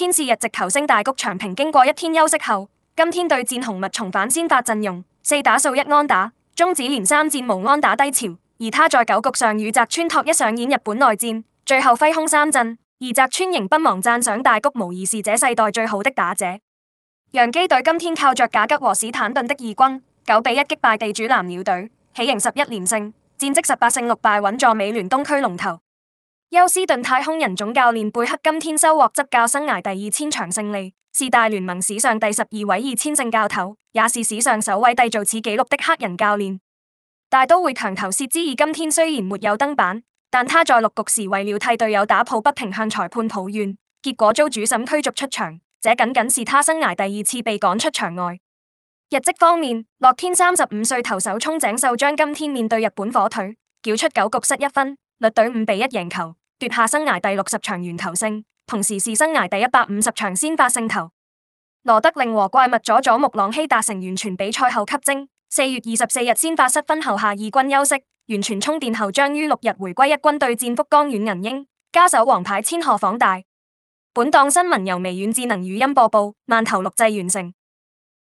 天使日籍球星大谷長平經過一天休息後，今天對戰紅襪重返先發陣容，四打數一安打，終止連三戰無安打低潮。而他在九局上與澤村拓一上演日本內戰，最後揮空三振，而澤村仍不忘讚賞大谷，無疑是這世代最好的打者。洋基隊今天靠着賈吉和史坦頓的二軍，九比一擊敗地主藍鳥隊，喜迎十一連勝，戰績十八勝六敗，穩坐美聯東區龍頭。休斯頓太空人總教練貝克今天收穫執教生涯第二千場勝利，是大聯盟史上第十二位二千勝教頭，也是史上首位締造此紀錄的黑人教練。大都會強投薛之二今天雖然沒有登板，但他在六局時為了替隊友打抱不平，向裁判抱怨，結果遭主審驅逐出場。這僅僅是他生涯第二次被趕出場外。日職方面，樂天三十五歲投手沖井秀將今天面對日本火腿，繳出九局失一分，率隊五比一贏球。奪下生涯第六十場圓球勝，同時是生涯第一百五十場先發勝投。羅德令和怪物佐佐木朗希達成完全比賽後吸睛。四月二十四日先發失分後下二軍休息，完全充電後將於六日回歸一軍對戰福岡軟銀鷹，交手王牌千賀滉大。本檔新聞由微軟智能語音播報，慢投錄製完成。